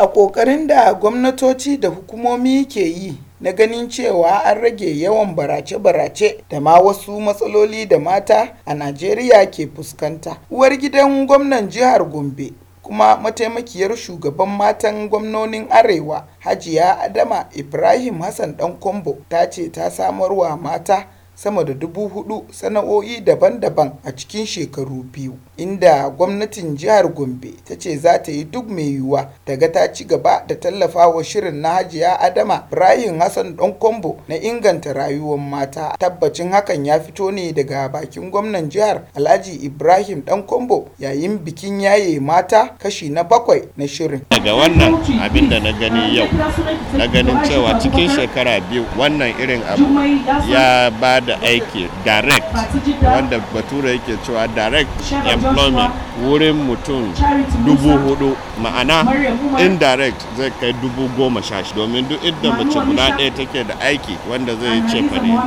A ƙoƙarin da gwamnatoci da hukumomi ke yi na ganin cewa an rage yawan barace-barace da ma wasu matsaloli da mata a Najeriya ke fuskanta. Uwar gidan gwamnan jihar Gombe kuma mataimakiyar shugaban matan gwamnonin Arewa Hajiya Adama Ibrahim Hassan kombo ta ce ta samarwa mata sama da dubu hudu sana'o'i daban-daban a cikin shekaru biyu inda gwamnatin jihar gombe ta ce za ta yi duk mai yiwuwa daga ta ci gaba da tallafawa shirin na hajiya adama ibrahim hassan don kombo na inganta rayuwar mata tabbacin hakan ya fito ne daga bakin gwamnan jihar alhaji ibrahim dan kombo yayin bikin yaye mata kashi na bakwai na shirin daga wannan abin da na gani yau na ganin cewa cikin shekara biyu wannan irin abu ya ba da aiki direct wanda bature yake cewa direct employment wurin mutum dubu hudu ma'ana indirect zai kai dubu goma sha shi domin duk inda mace guda ɗaya take da aiki wanda zai ce cefane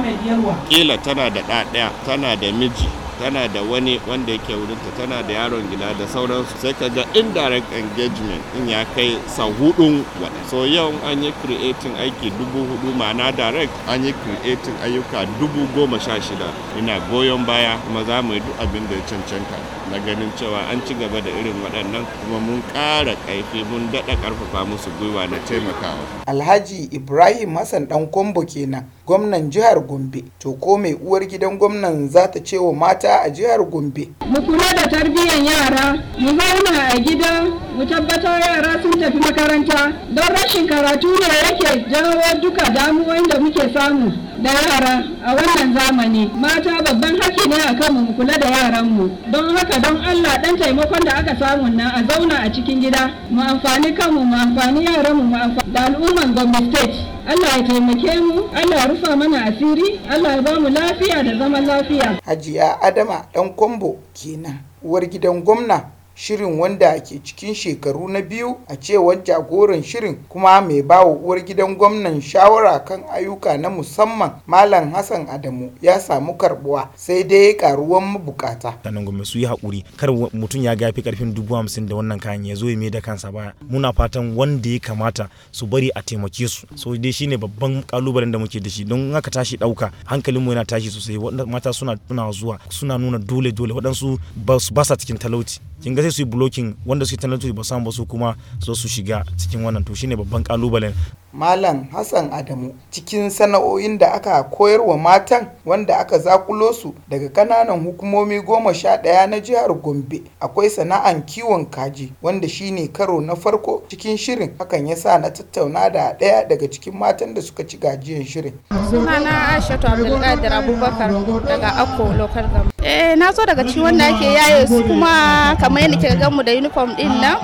kila tana da ɗa tana da miji tana da wani wanda yake wurinta tana da yaron gida da sauransu sai ka ga indirect engagement in ya kai sa hudun waɗanda so yau an yi creating aiki dubu hudu ma'ana direct an yi creating ayyuka dubu goma sha shida ina goyon baya kuma za mu yi duk abin da ya cancanta na ganin cewa an ci gaba da irin waɗannan kuma mun ƙara ƙaifi mun daɗa ƙarfafa musu gwiwa na taimakawa alhaji ibrahim hassan ɗan kombo kenan gwamnan jihar Gombe. To ko mai uwar gidan gwamnan za ta ce wa mata a jihar Gombe. Mu kula da tarbiyyar yara, mu zauna a gida, mu tabbatar yara sun tafi makaranta don rashin karatu ne yake jawo duka damuwan da muke samu da yara a wannan zamani. Mata babban haƙƙi ne a kanmu mu kula da yaranmu. Don haka don Allah ɗan taimakon da aka samu nan a zauna a cikin gida, mu amfani kanmu, mu amfani yaranmu, mu amfani da al'umman Gombe State. Allah ya taimake mu, Allah ya rufa mana asiri, Allah ya ba mu lafiya da zama lafiya. Hajiya Adama ɗan Kwambo kenan, uwar gidan gwamna shirin wanda ke cikin shekaru na biyu a cewar jagoran shirin kuma mai bawa uwar gidan gwamnan shawara kan ayyuka na musamman malam hassan adamu ya samu karbuwa sai dai karuwan mabukata sannan gwamnati su yi haƙuri kar mutum ya gafi karfin dubu hamsin da wannan kayan ya zo ya da kansa baya muna fatan wanda ya kamata su bari a taimake su so dai shine babban kalubalen da muke da shi don haka tashi dauka hankalinmu yana tashi sosai mata suna zuwa suna nuna dole dole waɗansu ba su cikin talauci kin kaga sai su yi blocking wanda suke talented ba samu ba su kuma su shiga cikin wannan to shine babban kalubalen Malam Hassan Adamu, cikin sana'o'in da aka koyarwa matan wanda aka zakulo su daga kananan hukumomi goma sha ɗaya na jihar Gombe akwai sana'an kiwon kaji wanda shi ne karo na farko cikin shirin hakan ya sa na tattauna da ɗaya daga cikin matan da suka ci gajiyan shirin. Sana Aisha Abdulkadir Abubakar daga Akko Local Eh na zo daga cikin wanda ake yaye su kuma kamar yadda kika gamu da uniform din nan.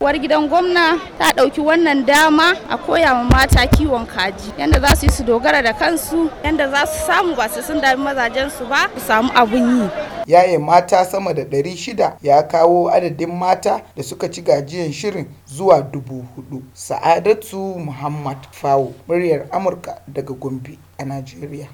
wargidan gidan gwamna ta ɗauki wannan dama a koya mata kiwon kaji yadda za su yi su dogara da kansu yadda za su samu ba su sun dami mazajen su ba su samu abun yi yaye mata sama da ɗari shida ya kawo adadin mata da suka ci gajiyan shirin zuwa dubu hudu sa'adatu muhammad fawo muryar amurka daga gombe a najeriya